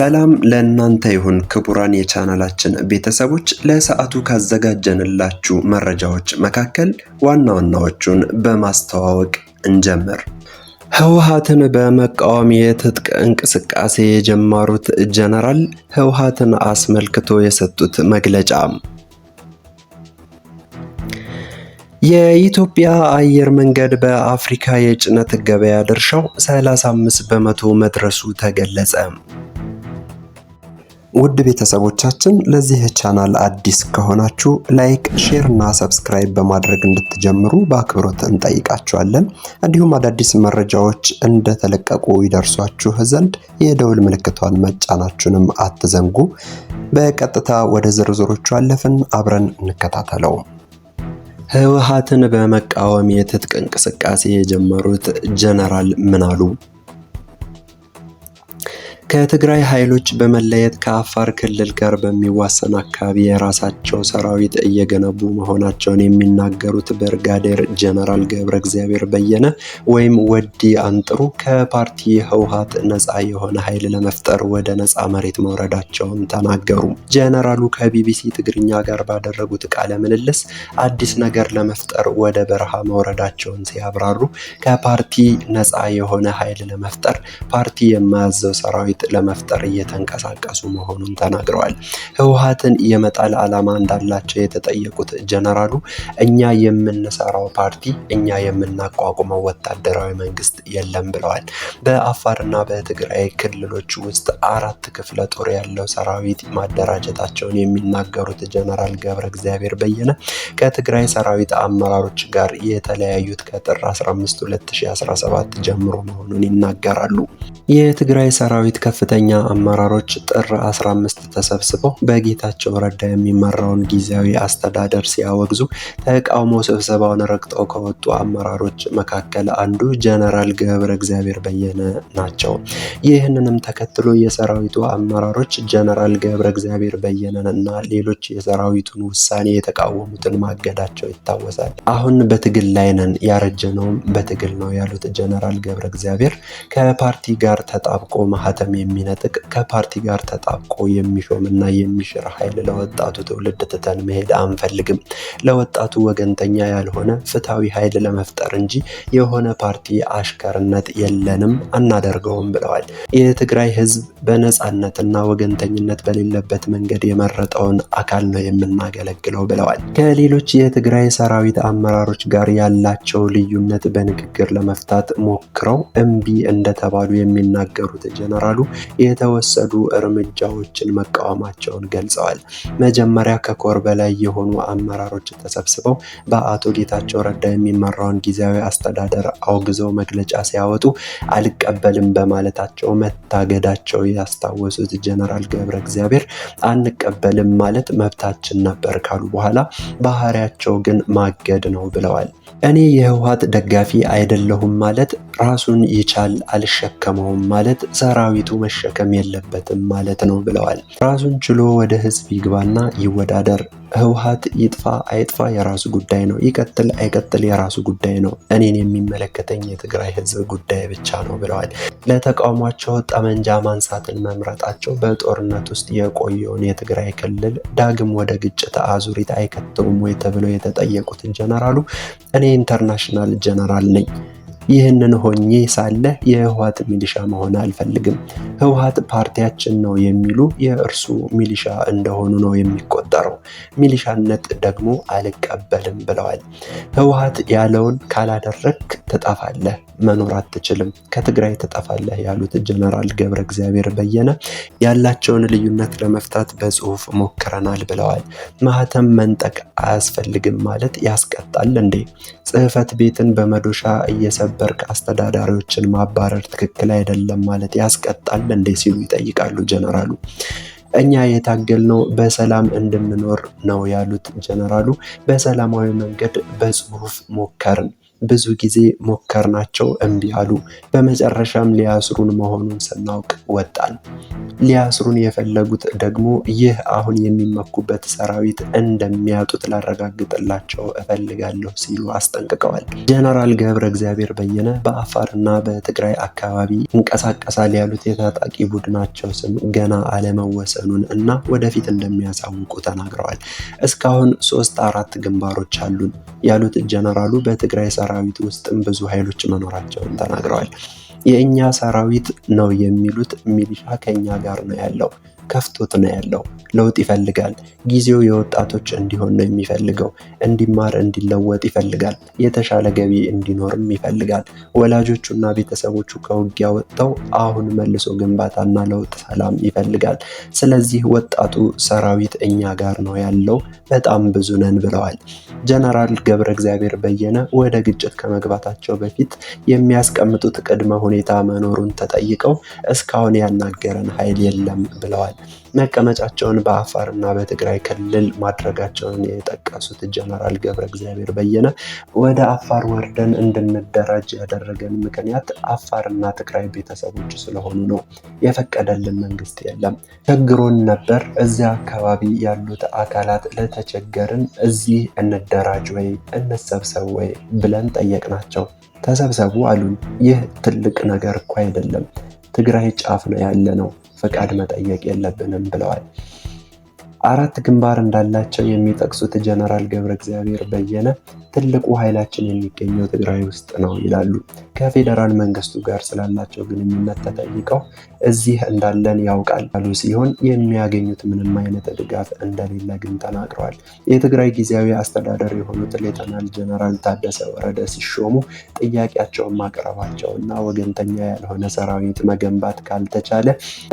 ሰላም ለእናንተ ይሁን ክቡራን የቻናላችን ቤተሰቦች፣ ለሰዓቱ ካዘጋጀንላችሁ መረጃዎች መካከል ዋና ዋናዎቹን በማስተዋወቅ እንጀምር። ህወሓትን በመቃወም የትጥቅ እንቅስቃሴ የጀመሩት ጀነራል ህወሓትን አስመልክቶ የሰጡት መግለጫ የኢትዮጵያ አየር መንገድ በአፍሪካ የጭነት ገበያ ድርሻው 35 በመቶ መድረሱ ተገለጸ። ውድ ቤተሰቦቻችን ለዚህ ቻናል አዲስ ከሆናችሁ ላይክ፣ ሼር እና ሰብስክራይብ በማድረግ እንድትጀምሩ በአክብሮት እንጠይቃችኋለን። እንዲሁም አዳዲስ መረጃዎች እንደተለቀቁ ይደርሷችሁ ዘንድ የደውል ምልክቷን መጫናችሁንም አትዘንጉ። በቀጥታ ወደ ዝርዝሮቹ አለፍን፣ አብረን እንከታተለው። ህወሓትን በመቃወም የትጥቅ እንቅስቃሴ የጀመሩት ጀነራል ምን አሉ? ከትግራይ ኃይሎች በመለየት ከአፋር ክልል ጋር በሚዋሰን አካባቢ የራሳቸው ሰራዊት እየገነቡ መሆናቸውን የሚናገሩት ብርጋዴር ጀነራል ገብረ እግዚአብሔር በየነ ወይም ወዲ አንጥሩ ከፓርቲ ህውሃት ነፃ የሆነ ኃይል ለመፍጠር ወደ ነፃ መሬት መውረዳቸውን ተናገሩ። ጀነራሉ ከቢቢሲ ትግርኛ ጋር ባደረጉት ቃለ ምልልስ አዲስ ነገር ለመፍጠር ወደ በረሃ መውረዳቸውን ሲያብራሩ ከፓርቲ ነፃ የሆነ ኃይል ለመፍጠር ፓርቲ የማያዘው ሰራዊት መንግስት ለመፍጠር እየተንቀሳቀሱ መሆኑን ተናግረዋል። ህወሀትን የመጣል ዓላማ እንዳላቸው የተጠየቁት ጀነራሉ እኛ የምንሰራው ፓርቲ፣ እኛ የምናቋቁመው ወታደራዊ መንግስት የለም ብለዋል። በአፋርና በትግራይ ክልሎች ውስጥ አራት ክፍለ ጦር ያለው ሰራዊት ማደራጀታቸውን የሚናገሩት ጀነራል ገብረ እግዚአብሔር በየነ ከትግራይ ሰራዊት አመራሮች ጋር የተለያዩት ከጥር 15 2017 ጀምሮ መሆኑን ይናገራሉ። የትግራይ ሰራዊት ከፍተኛ አመራሮች ጥር 15 ተሰብስበው በጌታቸው ረዳ የሚመራውን ጊዜያዊ አስተዳደር ሲያወግዙ ተቃውሞ ስብሰባውን ረግጠው ከወጡ አመራሮች መካከል አንዱ ጀነራል ገብረ እግዚአብሔር በየነ ናቸው። ይህንንም ተከትሎ የሰራዊቱ አመራሮች ጀነራል ገብረ እግዚአብሔር በየነን እና ሌሎች የሰራዊቱን ውሳኔ የተቃወሙትን ማገዳቸው ይታወሳል። አሁን በትግል ላይ ነን፣ ያረጀነውም በትግል ነው ያሉት ጀነራል ገብረ እግዚአብሔር ከፓርቲ ጋር ተጣብቆ ማህተም የሚነጥቅ ከፓርቲ ጋር ተጣብቆ የሚሾም እና የሚሽር ኃይል ለወጣቱ ትውልድ ትተን መሄድ አንፈልግም። ለወጣቱ ወገንተኛ ያልሆነ ፍትሐዊ ኃይል ለመፍጠር እንጂ የሆነ ፓርቲ አሽከርነት የለንም አናደርገውም ብለዋል። የትግራይ ህዝብ በነጻነትና ወገንተኝነት በሌለበት መንገድ የመረጠውን አካል ነው የምናገለግለው ብለዋል። ከሌሎች የትግራይ ሰራዊት አመራሮች ጋር ያላቸው ልዩነት በንግግር ለመፍታት ሞክረው እምቢ እንደተባሉ የሚናገሩት ጀነራሉ የተወሰዱ እርምጃዎችን መቃወማቸውን ገልጸዋል። መጀመሪያ ከኮር በላይ የሆኑ አመራሮች ተሰብስበው በአቶ ጌታቸው ረዳ የሚመራውን ጊዜያዊ አስተዳደር አውግዘው መግለጫ ሲያወጡ አልቀበልም በማለታቸው መታገዳቸው ያስታወሱት ጀነራል ገብረ እግዚአብሔር አንቀበልም ማለት መብታችን ነበር ካሉ በኋላ ባህሪያቸው ግን ማገድ ነው ብለዋል። እኔ የህወሓት ደጋፊ አይደለሁም ማለት ራሱን ይቻል አልሸከመውም ማለት ሰራዊቱ መሸከም የለበትም ማለት ነው ብለዋል። ራሱን ችሎ ወደ ህዝብ ይግባና ይወዳደር። ህውሃት ይጥፋ አይጥፋ የራሱ ጉዳይ ነው። ይቀጥል አይቀጥል የራሱ ጉዳይ ነው። እኔን የሚመለከተኝ የትግራይ ህዝብ ጉዳይ ብቻ ነው ብለዋል። ለተቃውሟቸው ጠመንጃ ማንሳትን መምረጣቸው በጦርነት ውስጥ የቆየውን የትግራይ ክልል ዳግም ወደ ግጭት አዙሪት አይከትሉም ወይ ተብለው የተጠየቁትን ጀነራሉ እኔ ኢንተርናሽናል ጀነራል ነኝ ይህንን ሆኜ ሳለ የህወሀት ሚሊሻ መሆን አልፈልግም። ህወሀት ፓርቲያችን ነው የሚሉ የእርሱ ሚሊሻ እንደሆኑ ነው የሚቆጠረው። ሚሊሻነት ደግሞ አልቀበልም ብለዋል። ህወሀት ያለውን ካላደረግ ትጠፋለህ፣ መኖር አትችልም፣ ከትግራይ ትጠፋለህ ያሉት ጀነራል ገብረ እግዚአብሔር በየነ ያላቸውን ልዩነት ለመፍታት በጽሁፍ ሞክረናል ብለዋል። ማህተም መንጠቅ አያስፈልግም ማለት ያስቀጣል እንዴ? ጽህፈት ቤትን በመዶሻ እየሰ ስለነበርክ አስተዳዳሪዎችን ማባረር ትክክል አይደለም ማለት ያስቀጣል እንዴ? ሲሉ ይጠይቃሉ ጀነራሉ። እኛ የታገልነው በሰላም እንድንኖር ነው ያሉት ጀነራሉ፣ በሰላማዊ መንገድ በጽሁፍ ሞከርን። ብዙ ጊዜ ሞከርናቸው እምቢ አሉ። በመጨረሻም ሊያስሩን መሆኑን ስናውቅ ወጣን። ሊያስሩን የፈለጉት ደግሞ ይህ አሁን የሚመኩበት ሰራዊት እንደሚያጡት ላረጋግጥላቸው እፈልጋለሁ ሲሉ አስጠንቅቀዋል። ጀነራል ገብረ እግዚአብሔር በየነ በአፋርና በትግራይ አካባቢ እንቀሳቀሳል ያሉት የታጣቂ ቡድናቸው ስም ገና አለመወሰኑን እና ወደፊት እንደሚያሳውቁ ተናግረዋል። እስካሁን ሶስት አራት ግንባሮች አሉን ያሉት ጀነራሉ በትግራይ ሰራዊት ውስጥም ብዙ ኃይሎች መኖራቸውን ተናግረዋል። የእኛ ሰራዊት ነው የሚሉት ሚሊሻ ከኛ ጋር ነው ያለው ከፍቶት ነው ያለው። ለውጥ ይፈልጋል። ጊዜው የወጣቶች እንዲሆን ነው የሚፈልገው። እንዲማር እንዲለወጥ ይፈልጋል። የተሻለ ገቢ እንዲኖርም ይፈልጋል። ወላጆቹና ቤተሰቦቹ ከውጊያ ወጥተው አሁን መልሶ ግንባታና ለውጥ፣ ሰላም ይፈልጋል። ስለዚህ ወጣቱ ሰራዊት እኛ ጋር ነው ያለው፣ በጣም ብዙ ነን ብለዋል ጀነራል ገብረ እግዚአብሔር በየነ። ወደ ግጭት ከመግባታቸው በፊት የሚያስቀምጡት ቅድመ ሁኔታ መኖሩን ተጠይቀው እስካሁን ያናገረን ኃይል የለም ብለዋል። መቀመጫቸውን እና በትግራይ ክልል ማድረጋቸውን የጠቀሱት ጀነራል ገብረ እግዚአብሔር በየነ ወደ አፋር ወርደን እንድንደራጅ ያደረገን ምክንያት አፋርና ትግራይ ቤተሰቦች ስለሆኑ ነው። የፈቀደልን መንግስት የለም። ቸግሮን ነበር። እዚያ አካባቢ ያሉት አካላት ለተቸገርን እዚህ እንደራጅ ወይ እንሰብሰብ ወይ ብለን ጠየቅናቸው። ተሰብሰቡ አሉን። ይህ ትልቅ ነገር እኮ አይደለም። ትግራይ ጫፍ ነው ያለ ነው ፈቃድ መጠየቅ የለብንም ብለዋል። አራት ግንባር እንዳላቸው የሚጠቅሱት ጀነራል ገብረ እግዚአብሔር በየነ ትልቁ ኃይላችን የሚገኘው ትግራይ ውስጥ ነው ይላሉ። ከፌዴራል መንግስቱ ጋር ስላላቸው ግንኙነት ተጠይቀው እዚህ እንዳለን ያውቃል ያሉ ሲሆን የሚያገኙት ምንም አይነት ድጋፍ እንደሌለ ግን ተናግረዋል። የትግራይ ጊዜያዊ አስተዳደር የሆኑት ሌተናል ጀነራል ታደሰ ወረደ ሲሾሙ ጥያቄያቸውን ማቅረባቸው እና ወገንተኛ ያልሆነ ሰራዊት መገንባት ካልተቻለ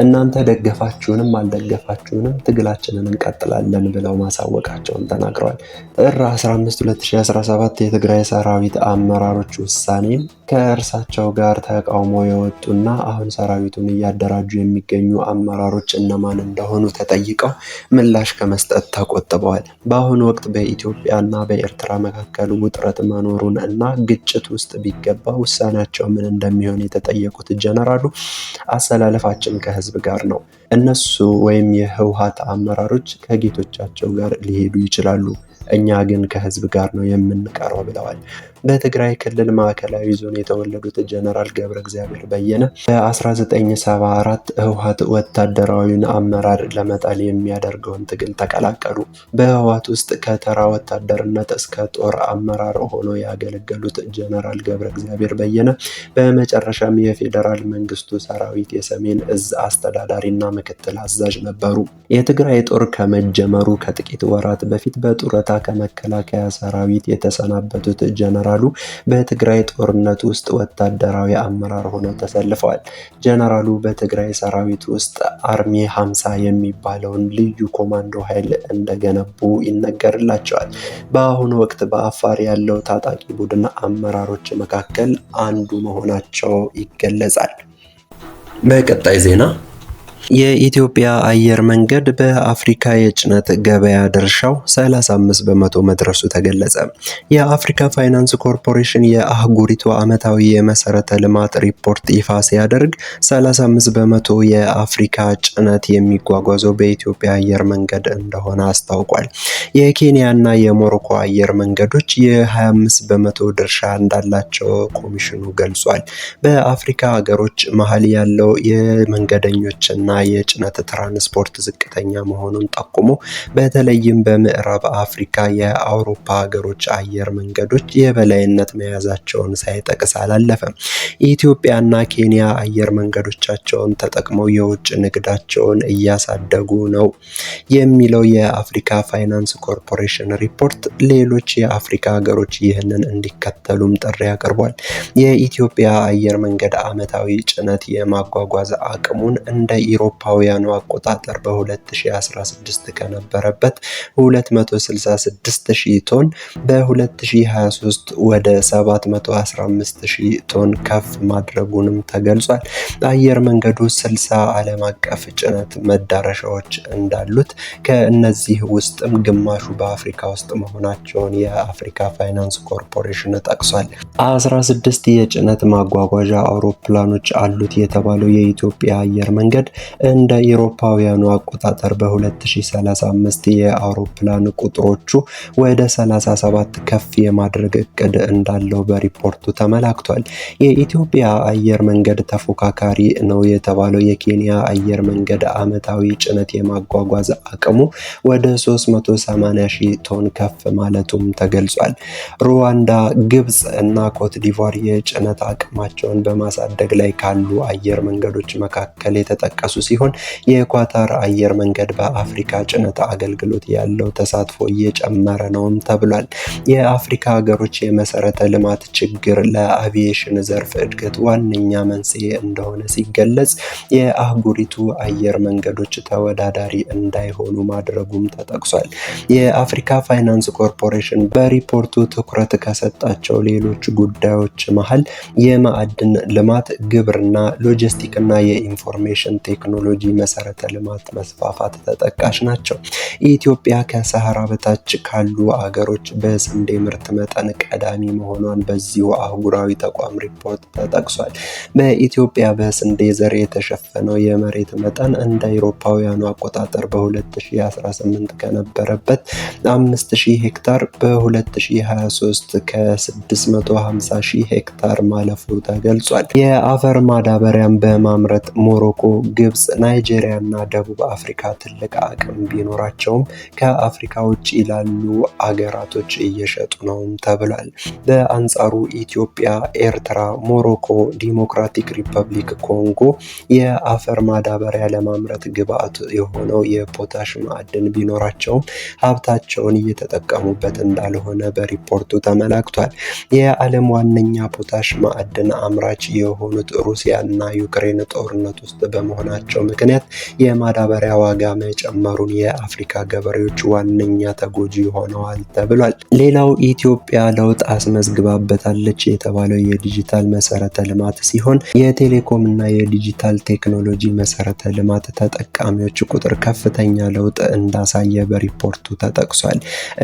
እናንተ ደገፋችሁንም አልደገፋችሁንም ትግላችንን እንቀጥላለን ብለው ማሳወቃቸውን ተናግረዋል። ጥር 15 2017 የትግራይ ሰራዊት አመራሮች ውሳኔም ከእርሳቸው ጋር ተቃውሞ የወጡና አሁን ሰራዊቱን እያደራጁ የሚገኙ አመራሮች እነማን እንደሆኑ ተጠይቀው ምላሽ ከመስጠት ተቆጥበዋል። በአሁኑ ወቅት በኢትዮጵያና በኤርትራ መካከል ውጥረት መኖሩን እና ግጭት ውስጥ ቢገባ ውሳኔያቸው ምን እንደሚሆን የተጠየቁት ጀነራሉ አሰላለፋችን ከህዝብ ጋር ነው፣ እነሱ ወይም የህውሃት አመራሮች ከጌቶቻቸው ጋር ሊሄዱ ይችላሉ፣ እኛ ግን ከህዝብ ጋር ነው የምንቀረው ብለዋል። በትግራይ ክልል ማዕከላዊ ዞን የተወለዱት ጀነራል ገብረ እግዚአብሔር በየነ በ1974 ህወሀት ወታደራዊን አመራር ለመጣል የሚያደርገውን ትግል ተቀላቀሉ። በህወሀት ውስጥ ከተራ ወታደርነት እስከ ጦር አመራር ሆኖ ያገለገሉት ጀነራል ገብረ እግዚአብሔር በየነ በመጨረሻም የፌዴራል መንግስቱ ሰራዊት የሰሜን እዝ አስተዳዳሪና ምክትል አዛዥ ነበሩ። የትግራይ ጦር ከመጀመሩ ከጥቂት ወራት በፊት በጡረታ ከመከላከያ ሰራዊት የተሰናበቱት ጀነራል ጀነራሉ በትግራይ ጦርነት ውስጥ ወታደራዊ አመራር ሆነው ተሰልፈዋል። ጀነራሉ በትግራይ ሰራዊት ውስጥ አርሚ 50 የሚባለውን ልዩ ኮማንዶ ኃይል እንደገነቡ ይነገርላቸዋል። በአሁኑ ወቅት በአፋር ያለው ታጣቂ ቡድን አመራሮች መካከል አንዱ መሆናቸው ይገለጻል። በቀጣይ ዜና የኢትዮጵያ አየር መንገድ በአፍሪካ የጭነት ገበያ ድርሻው 35 በመቶ መድረሱ ተገለጸ። የአፍሪካ ፋይናንስ ኮርፖሬሽን የአህጉሪቱ ዓመታዊ የመሰረተ ልማት ሪፖርት ይፋ ሲያደርግ 35 በመቶ የአፍሪካ ጭነት የሚጓጓዘው በኢትዮጵያ አየር መንገድ እንደሆነ አስታውቋል። የኬንያና የሞሮኮ አየር መንገዶች የ25 በመቶ ድርሻ እንዳላቸው ኮሚሽኑ ገልጿል። በአፍሪካ ሀገሮች መሀል ያለው የመንገደኞችና የጭነት ትራንስፖርት ዝቅተኛ መሆኑን ጠቁሞ በተለይም በምዕራብ አፍሪካ የአውሮፓ ሀገሮች አየር መንገዶች የበላይነት መያዛቸውን ሳይጠቅስ አላለፈም። ኢትዮጵያና ኬንያ አየር መንገዶቻቸውን ተጠቅመው የውጭ ንግዳቸውን እያሳደጉ ነው የሚለው የአፍሪካ ፋይናንስ ኮርፖሬሽን ሪፖርት ሌሎች የአፍሪካ ሀገሮች ይህንን እንዲከተሉም ጥሪ አቅርቧል። የኢትዮጵያ አየር መንገድ ዓመታዊ ጭነት የማጓጓዝ አቅሙን እንደ ኢሮ አውሮፓውያኑ አቆጣጠር በ2016 ከነበረበት 266,000 ቶን በ2023 ወደ 715,000 ቶን ከፍ ማድረጉንም ተገልጿል። አየር መንገዱ 60 ዓለም አቀፍ ጭነት መዳረሻዎች እንዳሉት ከእነዚህ ውስጥም ግማሹ በአፍሪካ ውስጥ መሆናቸውን የአፍሪካ ፋይናንስ ኮርፖሬሽን ጠቅሷል። 16 የጭነት ማጓጓዣ አውሮፕላኖች አሉት የተባለው የኢትዮጵያ አየር መንገድ እንደ ኢሮፓውያኑ አቆጣጠር በ2035 የአውሮፕላን ቁጥሮቹ ወደ 37 ከፍ የማድረግ እቅድ እንዳለው በሪፖርቱ ተመላክቷል። የኢትዮጵያ አየር መንገድ ተፎካካሪ ነው የተባለው የኬንያ አየር መንገድ ዓመታዊ ጭነት የማጓጓዝ አቅሙ ወደ 380 ቶን ከፍ ማለቱም ተገልጿል። ሩዋንዳ፣ ግብፅ እና ኮት ዲቫር የጭነት አቅማቸውን በማሳደግ ላይ ካሉ አየር መንገዶች መካከል የተጠቀሱ ሲሆን የኳታር አየር መንገድ በአፍሪካ ጭነት አገልግሎት ያለው ተሳትፎ እየጨመረ ነውም ተብሏል። የአፍሪካ ሀገሮች የመሰረተ ልማት ችግር ለአቪዬሽን ዘርፍ እድገት ዋነኛ መንስኤ እንደሆነ ሲገለጽ፣ የአህጉሪቱ አየር መንገዶች ተወዳዳሪ እንዳይሆኑ ማድረጉም ተጠቅሷል። የአፍሪካ ፋይናንስ ኮርፖሬሽን በሪፖርቱ ትኩረት ከሰጣቸው ሌሎች ጉዳዮች መሀል የማዕድን ልማት፣ ግብርና፣ ሎጂስቲክ እና የኢንፎርሜሽን ቴክኖሎጂ የቴክኖሎጂ መሰረተ ልማት መስፋፋት ተጠቃሽ ናቸው። ኢትዮጵያ ከሰሃራ በታች ካሉ አገሮች በስንዴ ምርት መጠን ቀዳሚ መሆኗን በዚሁ አህጉራዊ ተቋም ሪፖርት ተጠቅሷል። በኢትዮጵያ በስንዴ ዘር የተሸፈነው የመሬት መጠን እንደ አውሮፓውያኑ አቆጣጠር በ2018 ከነበረበት 5000 ሄክታር በ2023 ከ650 ሄክታር ማለፉ ተገልጿል። የአፈር ማዳበሪያን በማምረት ሞሮኮ፣ ግብ ግብፅ፣ ናይጄሪያ እና ደቡብ አፍሪካ ትልቅ አቅም ቢኖራቸውም ከአፍሪካ ውጭ ላሉ አገራቶች እየሸጡ ነውም ተብሏል። በአንጻሩ ኢትዮጵያ፣ ኤርትራ፣ ሞሮኮ፣ ዲሞክራቲክ ሪፐብሊክ ኮንጎ የአፈር ማዳበሪያ ለማምረት ግብአት የሆነው የፖታሽ ማዕድን ቢኖራቸውም ሀብታቸውን እየተጠቀሙበት እንዳልሆነ በሪፖርቱ ተመላክቷል። የዓለም ዋነኛ ፖታሽ ማዕድን አምራች የሆኑት ሩሲያ እና ዩክሬን ጦርነት ውስጥ በመሆናቸው በመሆናቸው ምክንያት የማዳበሪያ ዋጋ መጨመሩን የአፍሪካ ገበሬዎች ዋነኛ ተጎጂ ሆነዋል ተብሏል። ሌላው ኢትዮጵያ ለውጥ አስመዝግባበታለች የተባለው የዲጂታል መሰረተ ልማት ሲሆን የቴሌኮም እና የዲጂታል ቴክኖሎጂ መሰረተ ልማት ተጠቃሚዎች ቁጥር ከፍተኛ ለውጥ እንዳሳየ በሪፖርቱ ተጠቅሷል።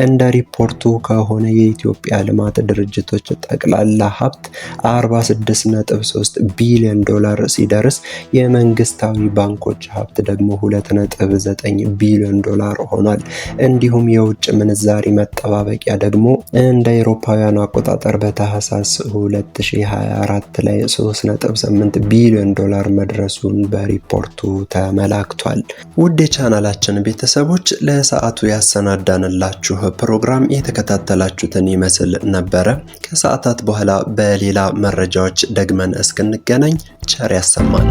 እንደ ሪፖርቱ ከሆነ የኢትዮጵያ ልማት ድርጅቶች ጠቅላላ ሀብት 46.3 ቢሊዮን ዶላር ሲደርስ የመንግስታዊ ባንኮች ሀብት ደግሞ 2.9 ቢሊዮን ዶላር ሆኗል። እንዲሁም የውጭ ምንዛሪ መጠባበቂያ ደግሞ እንደ አውሮፓውያኑ አቆጣጠር በታህሳስ 2024 ላይ 3.8 ቢሊዮን ዶላር መድረሱን በሪፖርቱ ተመላክቷል። ውድ የቻናላችን ቤተሰቦች ለሰዓቱ ያሰናዳንላችሁ ፕሮግራም የተከታተላችሁትን ይመስል ነበረ። ከሰዓታት በኋላ በሌላ መረጃዎች ደግመን እስክንገናኝ ቸር ያሰማን።